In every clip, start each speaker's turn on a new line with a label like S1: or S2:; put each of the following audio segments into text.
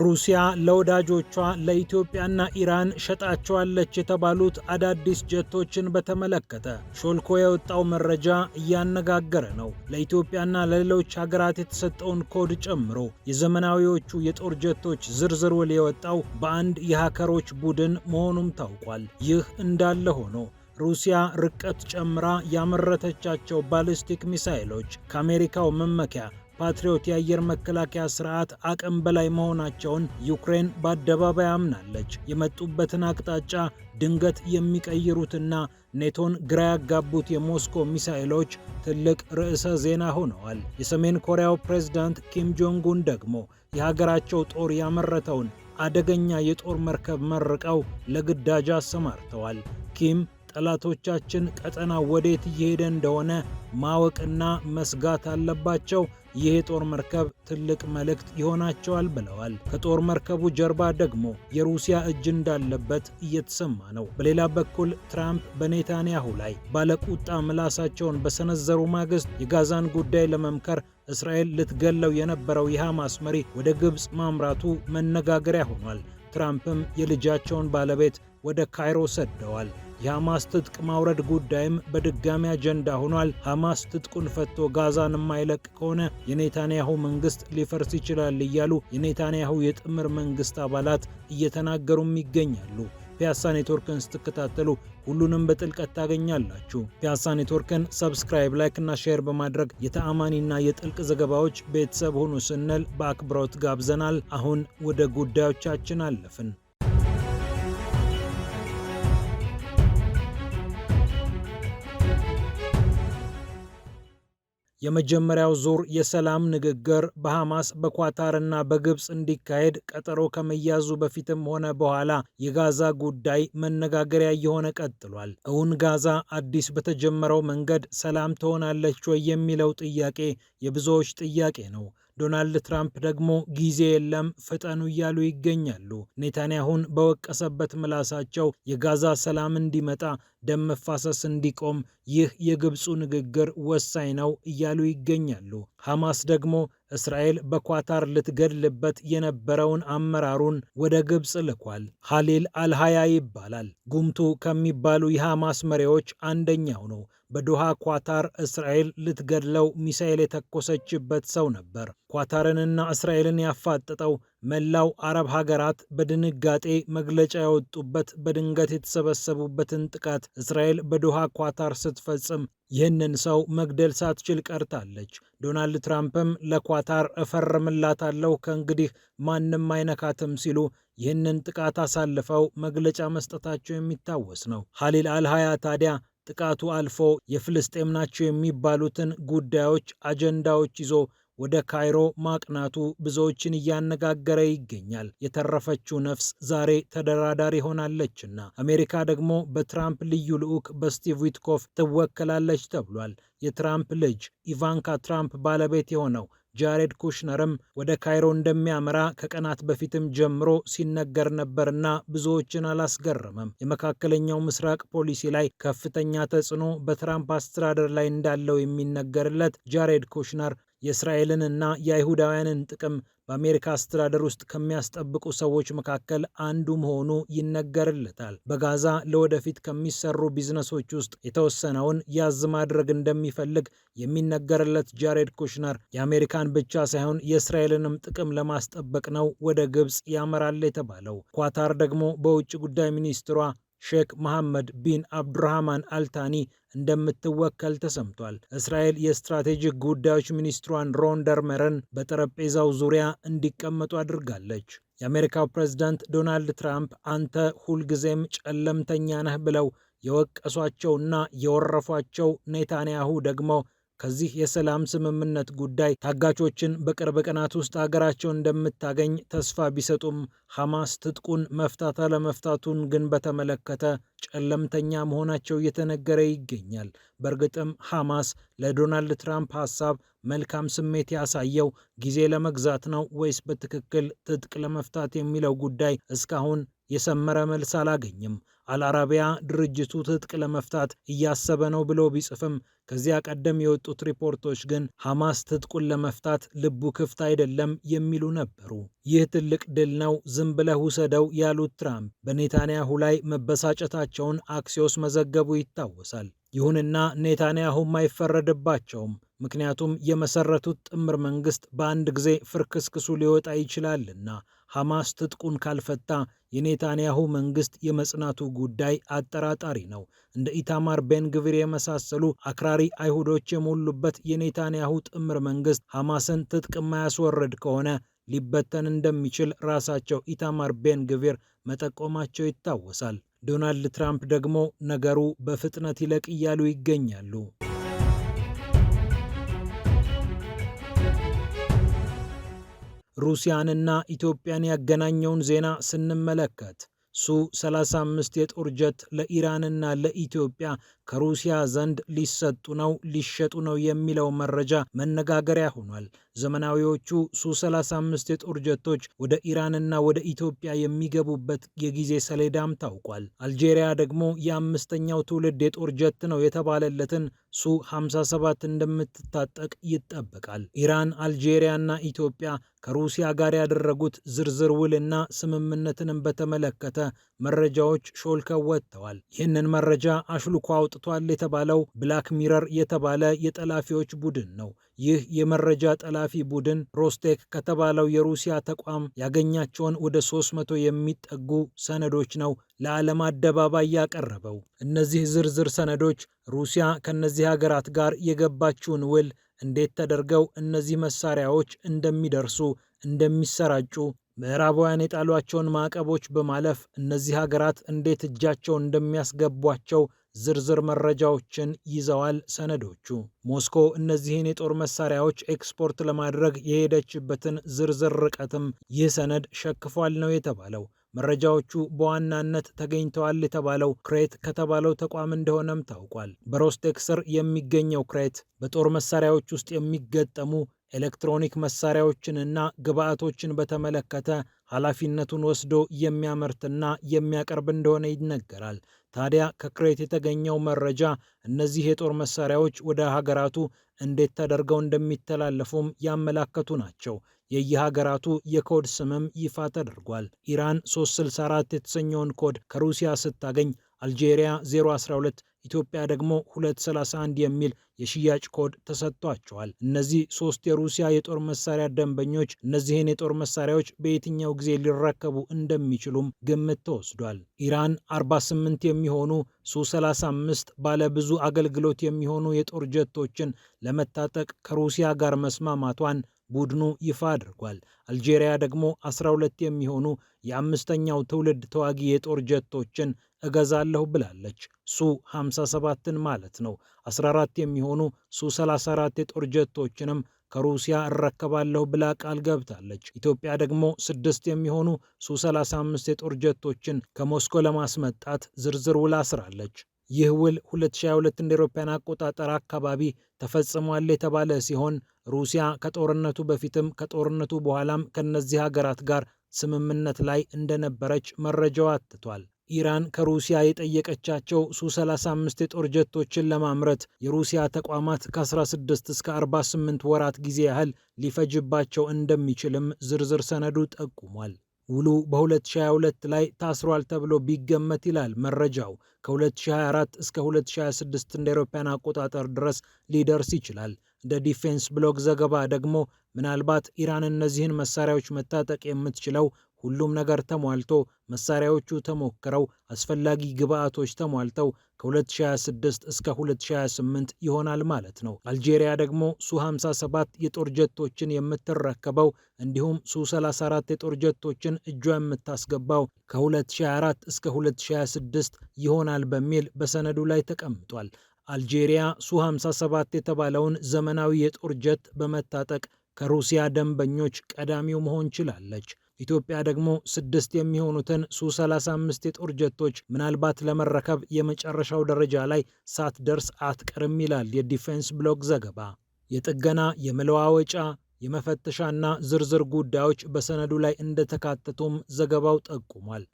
S1: ሩሲያ ለወዳጆቿ ለኢትዮጵያና ኢራን ሸጣቸዋለች የተባሉት አዳዲስ ጀቶችን በተመለከተ ሾልኮ የወጣው መረጃ እያነጋገረ ነው። ለኢትዮጵያና ለሌሎች ሀገራት የተሰጠውን ኮድ ጨምሮ የዘመናዊዎቹ የጦር ጀቶች ዝርዝር ውል የወጣው በአንድ የሀከሮች ቡድን መሆኑም ታውቋል። ይህ እንዳለ ሆኖ ሩሲያ ርቀት ጨምራ ያመረተቻቸው ባሊስቲክ ሚሳይሎች ከአሜሪካው መመኪያ ፓትሪዮት የአየር መከላከያ ስርዓት አቅም በላይ መሆናቸውን ዩክሬን በአደባባይ አምናለች። የመጡበትን አቅጣጫ ድንገት የሚቀይሩትና ኔቶን ግራ ያጋቡት የሞስኮ ሚሳኤሎች ትልቅ ርዕሰ ዜና ሆነዋል። የሰሜን ኮሪያው ፕሬዝዳንት ኪም ጆንግ ኡን ደግሞ የሀገራቸው ጦር ያመረተውን አደገኛ የጦር መርከብ መርቀው ለግዳጅ አሰማርተዋል። ኪም ጠላቶቻችን ቀጠና ወዴት እየሄደ እንደሆነ ማወቅና መስጋት አለባቸው። ይህ የጦር መርከብ ትልቅ መልእክት ይሆናቸዋል ብለዋል። ከጦር መርከቡ ጀርባ ደግሞ የሩሲያ እጅ እንዳለበት እየተሰማ ነው። በሌላ በኩል ትራምፕ በኔታንያሁ ላይ ባለቁጣ ምላሳቸውን በሰነዘሩ ማግስት የጋዛን ጉዳይ ለመምከር እስራኤል ልትገለው የነበረው የሐማስ መሪ ወደ ግብፅ ማምራቱ መነጋገሪያ ሆኗል። ትራምፕም የልጃቸውን ባለቤት ወደ ካይሮ ሰደዋል። የሐማስ ትጥቅ ማውረድ ጉዳይም በድጋሚ አጀንዳ ሆኗል። ሐማስ ትጥቁን ፈቶ ጋዛን የማይለቅ ከሆነ የኔታንያሁ መንግስት ሊፈርስ ይችላል እያሉ የኔታንያሁ የጥምር መንግስት አባላት እየተናገሩም ይገኛሉ። ፒያሳ ኔትወርክን ስትከታተሉ ሁሉንም በጥልቀት ታገኛላችሁ። ፒያሳ ኔትወርክን ሰብስክራይብ፣ ላይክ እና ሼር በማድረግ የተአማኒና የጥልቅ ዘገባዎች ቤተሰብ ሁኑ ስንል በአክብሮት ጋብዘናል። አሁን ወደ ጉዳዮቻችን አለፍን። የመጀመሪያው ዙር የሰላም ንግግር በሐማስ በኳታርና በግብፅ እንዲካሄድ ቀጠሮ ከመያዙ በፊትም ሆነ በኋላ የጋዛ ጉዳይ መነጋገሪያ እየሆነ ቀጥሏል። እውን ጋዛ አዲስ በተጀመረው መንገድ ሰላም ትሆናለች ወይ የሚለው ጥያቄ የብዙዎች ጥያቄ ነው። ዶናልድ ትራምፕ ደግሞ ጊዜ የለም ፍጠኑ እያሉ ይገኛሉ። ኔታንያሁን በወቀሰበት ምላሳቸው የጋዛ ሰላም እንዲመጣ ደም መፋሰስ እንዲቆም ይህ የግብፁ ንግግር ወሳኝ ነው እያሉ ይገኛሉ። ሐማስ ደግሞ እስራኤል በኳታር ልትገድልበት የነበረውን አመራሩን ወደ ግብፅ ልኳል። ሐሊል አልሃያ ይባላል። ጉምቱ ከሚባሉ የሐማስ መሪዎች አንደኛው ነው። በዶሃ ኳታር እስራኤል ልትገድለው ሚሳኤል የተኮሰችበት ሰው ነበር። ኳታርንና እስራኤልን ያፋጥጠው መላው አረብ ሀገራት በድንጋጤ መግለጫ ያወጡበት በድንገት የተሰበሰቡበትን ጥቃት እስራኤል በዶሃ ኳታር ስትፈጽም ይህንን ሰው መግደል ሳትችል ቀርታለች። ዶናልድ ትራምፕም ለኳታር እፈርምላታለሁ ከእንግዲህ ማንም አይነካትም ሲሉ ይህንን ጥቃት አሳልፈው መግለጫ መስጠታቸው የሚታወስ ነው። ሀሊል አልሀያ ታዲያ ጥቃቱ አልፎ የፍልስጤም ናቸው የሚባሉትን ጉዳዮች አጀንዳዎች ይዞ ወደ ካይሮ ማቅናቱ ብዙዎችን እያነጋገረ ይገኛል። የተረፈችው ነፍስ ዛሬ ተደራዳሪ ሆናለችና አሜሪካ ደግሞ በትራምፕ ልዩ ልዑክ በስቲቭ ዊትኮፍ ትወከላለች ተብሏል። የትራምፕ ልጅ ኢቫንካ ትራምፕ ባለቤት የሆነው ጃሬድ ኩሽነርም ወደ ካይሮ እንደሚያመራ ከቀናት በፊትም ጀምሮ ሲነገር ነበርና ብዙዎችን አላስገረመም። የመካከለኛው ምስራቅ ፖሊሲ ላይ ከፍተኛ ተጽዕኖ በትራምፕ አስተዳደር ላይ እንዳለው የሚነገርለት ጃሬድ ኩሽነር የእስራኤልን እና የአይሁዳውያንን ጥቅም በአሜሪካ አስተዳደር ውስጥ ከሚያስጠብቁ ሰዎች መካከል አንዱ መሆኑ ይነገርለታል። በጋዛ ለወደፊት ከሚሰሩ ቢዝነሶች ውስጥ የተወሰነውን ያዝ ማድረግ እንደሚፈልግ የሚነገርለት ጃሬድ ኩሽነር የአሜሪካን ብቻ ሳይሆን የእስራኤልንም ጥቅም ለማስጠበቅ ነው ወደ ግብፅ ያመራል የተባለው። ኳታር ደግሞ በውጭ ጉዳይ ሚኒስትሯ ሼክ መሐመድ ቢን አብዱራህማን አልታኒ እንደምትወከል ተሰምቷል። እስራኤል የስትራቴጂክ ጉዳዮች ሚኒስትሯን ሮን ደርመረን በጠረጴዛው ዙሪያ እንዲቀመጡ አድርጋለች። የአሜሪካው ፕሬዝዳንት ዶናልድ ትራምፕ አንተ ሁልጊዜም ጨለምተኛ ነህ ብለው የወቀሷቸውና የወረፏቸው ኔታንያሁ ደግሞ ከዚህ የሰላም ስምምነት ጉዳይ ታጋቾችን በቅርብ ቀናት ውስጥ ሀገራቸው እንደምታገኝ ተስፋ ቢሰጡም ሐማስ ትጥቁን መፍታት አለመፍታቱን ግን በተመለከተ ጨለምተኛ መሆናቸው እየተነገረ ይገኛል። በእርግጥም ሐማስ ለዶናልድ ትራምፕ ሀሳብ መልካም ስሜት ያሳየው ጊዜ ለመግዛት ነው ወይስ በትክክል ትጥቅ ለመፍታት የሚለው ጉዳይ እስካሁን የሰመረ መልስ አላገኝም። አልአረቢያ ድርጅቱ ትጥቅ ለመፍታት እያሰበ ነው ብሎ ቢጽፍም ከዚያ ቀደም የወጡት ሪፖርቶች ግን ሐማስ ትጥቁን ለመፍታት ልቡ ክፍት አይደለም የሚሉ ነበሩ። ይህ ትልቅ ድል ነው፣ ዝም ብለህ ውሰደው ያሉት ትራምፕ በኔታንያሁ ላይ መበሳጨታቸውን አክሲዮስ መዘገቡ ይታወሳል። ይሁንና ኔታንያሁም አይፈረድባቸውም። ምክንያቱም የመሰረቱት ጥምር መንግስት በአንድ ጊዜ ፍርክስክሱ ሊወጣ ይችላልና ሐማስ ትጥቁን ካልፈታ የኔታንያሁ መንግስት የመጽናቱ ጉዳይ አጠራጣሪ ነው። እንደ ኢታማር ቤንግቪር የመሳሰሉ አክራሪ አይሁዶች የሞሉበት የኔታንያሁ ጥምር መንግስት ሐማስን ትጥቅ የማያስወርድ ከሆነ ሊበተን እንደሚችል ራሳቸው ኢታማር ቤንግቪር መጠቆማቸው ይታወሳል። ዶናልድ ትራምፕ ደግሞ ነገሩ በፍጥነት ይለቅ እያሉ ይገኛሉ። ሩሲያንና ኢትዮጵያን ያገናኘውን ዜና ስንመለከት ሱ 35 የጦር ጀት ለኢራንና ለኢትዮጵያ ከሩሲያ ዘንድ ሊሰጡ ነው ሊሸጡ ነው የሚለው መረጃ መነጋገሪያ ሆኗል። ዘመናዊዎቹ ሱ 35 የጦር ጀቶች ወደ ኢራንና ወደ ኢትዮጵያ የሚገቡበት የጊዜ ሰሌዳም ታውቋል። አልጄሪያ ደግሞ የአምስተኛው ትውልድ የጦር ጀት ነው የተባለለትን ሱ 57 እንደምትታጠቅ ይጠበቃል። ኢራን፣ አልጄሪያና ኢትዮጵያ ከሩሲያ ጋር ያደረጉት ዝርዝር ውልና ስምምነትንም በተመለከተ መረጃዎች ሾልከው ወጥተዋል። ይህንን መረጃ አሽልኮ አውጥቷል የተባለው ብላክ ሚረር የተባለ የጠላፊዎች ቡድን ነው። ይህ የመረጃ ጠላፊ ቡድን ሮስቴክ ከተባለው የሩሲያ ተቋም ያገኛቸውን ወደ 300 የሚጠጉ ሰነዶች ነው ለዓለም አደባባይ ያቀረበው። እነዚህ ዝርዝር ሰነዶች ሩሲያ ከነዚህ ሀገራት ጋር የገባችውን ውል እንዴት ተደርገው እነዚህ መሳሪያዎች እንደሚደርሱ እንደሚሰራጩ ምዕራባውያን የጣሏቸውን ማዕቀቦች በማለፍ እነዚህ ሀገራት እንዴት እጃቸው እንደሚያስገቧቸው ዝርዝር መረጃዎችን ይዘዋል ሰነዶቹ። ሞስኮ እነዚህን የጦር መሳሪያዎች ኤክስፖርት ለማድረግ የሄደችበትን ዝርዝር ርቀትም ይህ ሰነድ ሸክፏል ነው የተባለው። መረጃዎቹ በዋናነት ተገኝተዋል የተባለው ክሬት ከተባለው ተቋም እንደሆነም ታውቋል። በሮስቴክ ስር የሚገኘው ክሬት በጦር መሳሪያዎች ውስጥ የሚገጠሙ ኤሌክትሮኒክ መሳሪያዎችንና ግብዓቶችን በተመለከተ ኃላፊነቱን ወስዶ የሚያመርትና የሚያቀርብ እንደሆነ ይነገራል። ታዲያ ከክሬት የተገኘው መረጃ እነዚህ የጦር መሳሪያዎች ወደ ሀገራቱ እንዴት ተደርገው እንደሚተላለፉም ያመላከቱ ናቸው። የየሀገራቱ የኮድ ስምም ይፋ ተደርጓል። ኢራን 364 የተሰኘውን ኮድ ከሩሲያ ስታገኝ አልጄሪያ 012 ኢትዮጵያ ደግሞ 231 የሚል የሽያጭ ኮድ ተሰጥቷቸዋል። እነዚህ ሶስት የሩሲያ የጦር መሳሪያ ደንበኞች እነዚህን የጦር መሳሪያዎች በየትኛው ጊዜ ሊረከቡ እንደሚችሉም ግምት ተወስዷል። ኢራን 48 የሚሆኑ ሱ35 ባለብዙ አገልግሎት የሚሆኑ የጦር ጀቶችን ለመታጠቅ ከሩሲያ ጋር መስማማቷን ቡድኑ ይፋ አድርጓል። አልጄሪያ ደግሞ 12 የሚሆኑ የአምስተኛው ትውልድ ተዋጊ የጦር ጀቶችን እገዛለሁ ብላለች። ሱ 57ን ማለት ነው። 14 የሚሆኑ ሱ 34 የጦር ጀቶችንም ከሩሲያ እረከባለሁ ብላ ቃል ገብታለች። ኢትዮጵያ ደግሞ ስድስት የሚሆኑ ሱ 35 የጦር ጀቶችን ከሞስኮ ለማስመጣት ዝርዝር ውል አስራለች። ይህ ውል 2022 እንደ አውሮፓውያን አቆጣጠር አካባቢ ተፈጽሟል የተባለ ሲሆን ሩሲያ ከጦርነቱ በፊትም ከጦርነቱ በኋላም ከነዚህ ሀገራት ጋር ስምምነት ላይ እንደነበረች መረጃው አትቷል። ኢራን ከሩሲያ የጠየቀቻቸው ሱ 35 የጦር ጀቶችን ለማምረት የሩሲያ ተቋማት ከ16 እስከ 48 ወራት ጊዜ ያህል ሊፈጅባቸው እንደሚችልም ዝርዝር ሰነዱ ጠቁሟል። ውሉ በ2022 ላይ ታስሯል ተብሎ ቢገመት ይላል መረጃው ከ2024 እስከ 2026 እንደ አውሮፓውያን አቆጣጠር ድረስ ሊደርስ ይችላል። እንደ ዲፌንስ ብሎግ ዘገባ ደግሞ ምናልባት ኢራን እነዚህን መሳሪያዎች መታጠቅ የምትችለው ሁሉም ነገር ተሟልቶ መሳሪያዎቹ ተሞክረው አስፈላጊ ግብአቶች ተሟልተው ከ2026 እስከ 2028 ይሆናል ማለት ነው። አልጄሪያ ደግሞ ሱ 57 የጦር ጀቶችን የምትረከበው እንዲሁም ሱ 34 የጦር ጀቶችን እጇ የምታስገባው ከ2024 እስከ 2026 ይሆናል በሚል በሰነዱ ላይ ተቀምጧል። አልጄሪያ ሱ-57 የተባለውን ዘመናዊ የጦር ጀት በመታጠቅ ከሩሲያ ደንበኞች ቀዳሚው መሆን ችላለች። ኢትዮጵያ ደግሞ ስድስት የሚሆኑትን ሱ-35 የጦር ጀቶች ምናልባት ለመረከብ የመጨረሻው ደረጃ ላይ ሳትደርስ አትቀርም ይላል የዲፌንስ ብሎግ ዘገባ። የጥገና የመለዋወጫ የመፈተሻና ዝርዝር ጉዳዮች በሰነዱ ላይ እንደተካተቱም ዘገባው ጠቁሟል።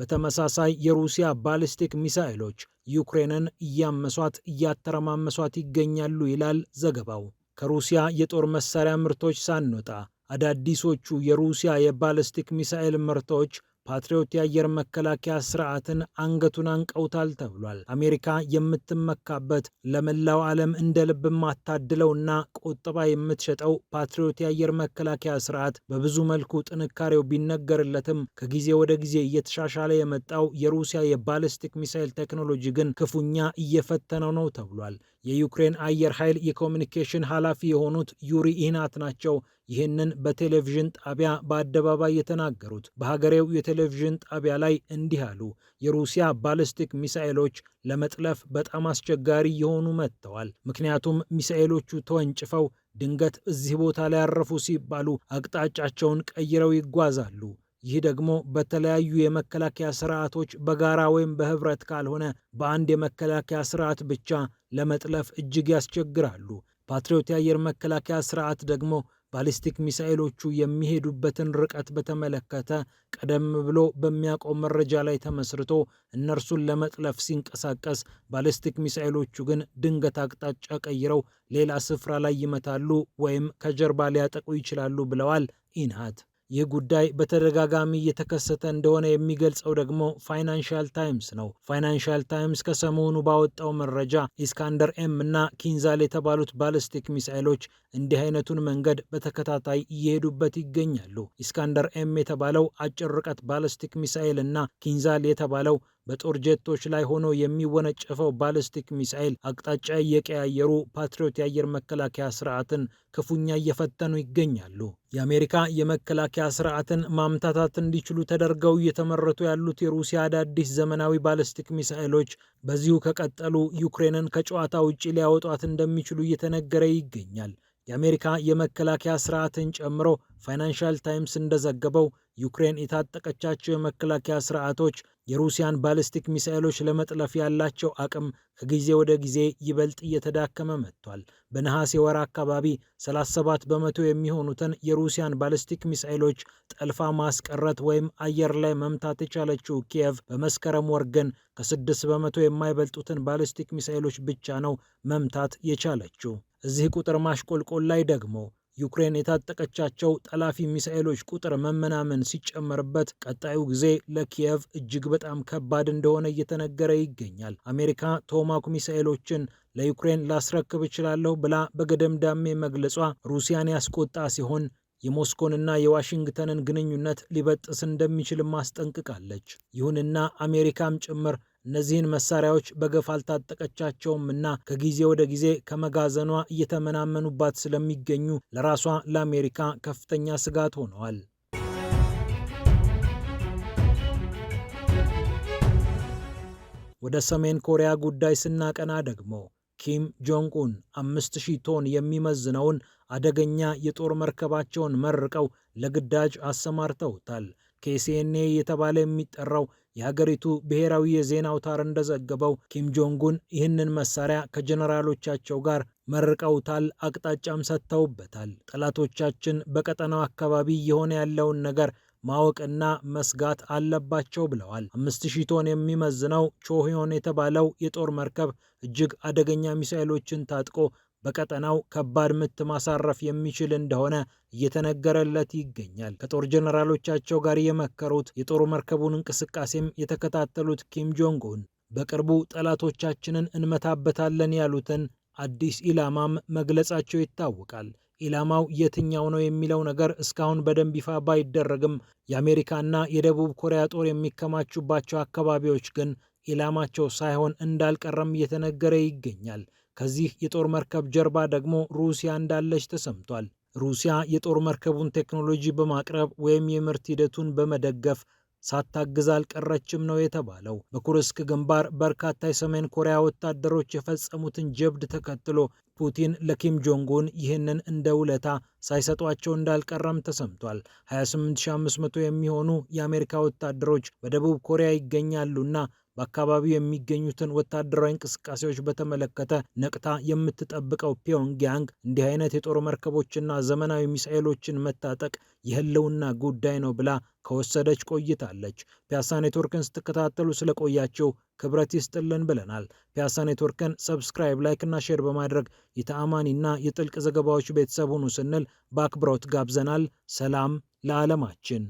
S1: በተመሳሳይ የሩሲያ ባሊስቲክ ሚሳኤሎች ዩክሬንን እያመሷት እያተረማመሷት ይገኛሉ ይላል ዘገባው። ከሩሲያ የጦር መሳሪያ ምርቶች ሳንወጣ አዳዲሶቹ የሩሲያ የባሊስቲክ ሚሳኤል ምርቶች ፓትሪዮት የአየር መከላከያ ስርዓትን አንገቱን አንቀውታል ተብሏል። አሜሪካ የምትመካበት ለመላው ዓለም እንደ ልብ ማታድለውና ቆጥባ የምትሸጠው ፓትሪዮት የአየር መከላከያ ስርዓት በብዙ መልኩ ጥንካሬው ቢነገርለትም ከጊዜ ወደ ጊዜ እየተሻሻለ የመጣው የሩሲያ የባሊስቲክ ሚሳይል ቴክኖሎጂ ግን ክፉኛ እየፈተነው ነው ተብሏል። የዩክሬን አየር ኃይል የኮሚኒኬሽን ኃላፊ የሆኑት ዩሪ ኢናት ናቸው ይህንን በቴሌቪዥን ጣቢያ በአደባባይ የተናገሩት በሀገሬው የቴሌቪዥን ጣቢያ ላይ እንዲህ አሉ። የሩሲያ ባሊስቲክ ሚሳኤሎች ለመጥለፍ በጣም አስቸጋሪ የሆኑ መጥተዋል። ምክንያቱም ሚሳኤሎቹ ተወንጭፈው ድንገት እዚህ ቦታ ላይ ያረፉ ሲባሉ አቅጣጫቸውን ቀይረው ይጓዛሉ። ይህ ደግሞ በተለያዩ የመከላከያ ስርዓቶች በጋራ ወይም በህብረት ካልሆነ በአንድ የመከላከያ ስርዓት ብቻ ለመጥለፍ እጅግ ያስቸግራሉ። ፓትሪዮት የአየር መከላከያ ስርዓት ደግሞ ባሊስቲክ ሚሳኤሎቹ የሚሄዱበትን ርቀት በተመለከተ ቀደም ብሎ በሚያውቀው መረጃ ላይ ተመስርቶ እነርሱን ለመጥለፍ ሲንቀሳቀስ፣ ባሊስቲክ ሚሳኤሎቹ ግን ድንገት አቅጣጫ ቀይረው ሌላ ስፍራ ላይ ይመታሉ ወይም ከጀርባ ሊያጠቁ ይችላሉ ብለዋል ኢንሃት። ይህ ጉዳይ በተደጋጋሚ እየተከሰተ እንደሆነ የሚገልጸው ደግሞ ፋይናንሻል ታይምስ ነው። ፋይናንሻል ታይምስ ከሰሞኑ ባወጣው መረጃ ኢስካንደር ኤም እና ኪንዛል የተባሉት ባለስቲክ ሚሳይሎች እንዲህ አይነቱን መንገድ በተከታታይ እየሄዱበት ይገኛሉ። ኢስካንደር ኤም የተባለው አጭር ርቀት ባለስቲክ ሚሳይል እና ኪንዛል የተባለው በጦር ጀቶች ላይ ሆኖ የሚወነጨፈው ባለስቲክ ሚሳኤል አቅጣጫ እየቀያየሩ ፓትሪዮት የአየር መከላከያ ስርዓትን ክፉኛ እየፈተኑ ይገኛሉ። የአሜሪካ የመከላከያ ስርዓትን ማምታታት እንዲችሉ ተደርገው እየተመረቱ ያሉት የሩሲያ አዳዲስ ዘመናዊ ባለስቲክ ሚሳኤሎች በዚሁ ከቀጠሉ ዩክሬንን ከጨዋታ ውጪ ሊያወጧት እንደሚችሉ እየተነገረ ይገኛል። የአሜሪካ የመከላከያ ስርዓትን ጨምሮ ፋይናንሻል ታይምስ እንደዘገበው ዩክሬን የታጠቀቻቸው የመከላከያ ስርዓቶች የሩሲያን ባሊስቲክ ሚሳኤሎች ለመጥለፍ ያላቸው አቅም ከጊዜ ወደ ጊዜ ይበልጥ እየተዳከመ መጥቷል። በነሐሴ ወር አካባቢ 37 በመቶ የሚሆኑትን የሩሲያን ባሊስቲክ ሚሳኤሎች ጠልፋ ማስቀረት ወይም አየር ላይ መምታት የቻለችው ኪየቭ በመስከረም ወር ግን ከ6 በመቶ የማይበልጡትን ባሊስቲክ ሚሳኤሎች ብቻ ነው መምታት የቻለችው። እዚህ ቁጥር ማሽቆልቆል ላይ ደግሞ ዩክሬን የታጠቀቻቸው ጠላፊ ሚሳኤሎች ቁጥር መመናመን ሲጨመርበት ቀጣዩ ጊዜ ለኪየቭ እጅግ በጣም ከባድ እንደሆነ እየተነገረ ይገኛል። አሜሪካ ቶማኩ ሚሳኤሎችን ለዩክሬን ላስረክብ እችላለሁ ብላ በገደምዳሜ መግለጿ ሩሲያን ያስቆጣ ሲሆን የሞስኮንና የዋሽንግተንን ግንኙነት ሊበጥስ እንደሚችል ማስጠንቅቃለች። ይሁንና አሜሪካም ጭምር እነዚህን መሳሪያዎች በገፍ አልታጠቀቻቸውም እና ከጊዜ ወደ ጊዜ ከመጋዘኗ እየተመናመኑባት ስለሚገኙ ለራሷ ለአሜሪካ ከፍተኛ ስጋት ሆነዋል። ወደ ሰሜን ኮሪያ ጉዳይ ስናቀና ደግሞ ኪም ጆንግ ኡን አምስት ሺህ ቶን የሚመዝነውን አደገኛ የጦር መርከባቸውን መርቀው ለግዳጅ አሰማርተውታል። ኬሲኤንኤ የተባለ የሚጠራው የሀገሪቱ ብሔራዊ የዜና አውታር እንደዘገበው ኪም ጆንጉን ይህንን መሳሪያ ከጀኔራሎቻቸው ጋር መርቀውታል፣ አቅጣጫም ሰጥተውበታል። ጠላቶቻችን በቀጠናው አካባቢ የሆነ ያለውን ነገር ማወቅና መስጋት አለባቸው ብለዋል። አምስት ሺህ ቶን የሚመዝነው ቾሆን የተባለው የጦር መርከብ እጅግ አደገኛ ሚሳይሎችን ታጥቆ በቀጠናው ከባድ ምት ማሳረፍ የሚችል እንደሆነ እየተነገረለት ይገኛል። ከጦር ጀነራሎቻቸው ጋር የመከሩት የጦር መርከቡን እንቅስቃሴም የተከታተሉት ኪም ጆንግ ኡን በቅርቡ ጠላቶቻችንን እንመታበታለን ያሉትን አዲስ ኢላማም መግለጻቸው ይታወቃል። ኢላማው የትኛው ነው የሚለው ነገር እስካሁን በደንብ ይፋ ባይደረግም የአሜሪካና የደቡብ ኮሪያ ጦር የሚከማቹባቸው አካባቢዎች ግን ኢላማቸው ሳይሆን እንዳልቀረም እየተነገረ ይገኛል። ከዚህ የጦር መርከብ ጀርባ ደግሞ ሩሲያ እንዳለች ተሰምቷል። ሩሲያ የጦር መርከቡን ቴክኖሎጂ በማቅረብ ወይም የምርት ሂደቱን በመደገፍ ሳታግዝ አልቀረችም ነው የተባለው። በኩርስክ ግንባር በርካታ የሰሜን ኮሪያ ወታደሮች የፈጸሙትን ጀብድ ተከትሎ ፑቲን ለኪም ጆንጉን ይህንን እንደ ውለታ ሳይሰጧቸው እንዳልቀረም ተሰምቷል። 28500 የሚሆኑ የአሜሪካ ወታደሮች በደቡብ ኮሪያ ይገኛሉና በአካባቢው የሚገኙትን ወታደራዊ እንቅስቃሴዎች በተመለከተ ነቅታ የምትጠብቀው ፒዮንግያንግ እንዲህ አይነት የጦር መርከቦችና ዘመናዊ ሚሳኤሎችን መታጠቅ የህልውና ጉዳይ ነው ብላ ከወሰደች ቆይታለች። ፒያሳ ኔትወርክን ስትከታተሉ ስለቆያችሁ ክብረት ይስጥልን ብለናል። ፒያሳ ኔትወርክን ሰብስክራይብ፣ ላይክ እና ሼር በማድረግ የተአማኒና የጥልቅ ዘገባዎች ቤተሰብ ሁኑ ስንል በአክብሮት ጋብዘናል። ሰላም ለዓለማችን።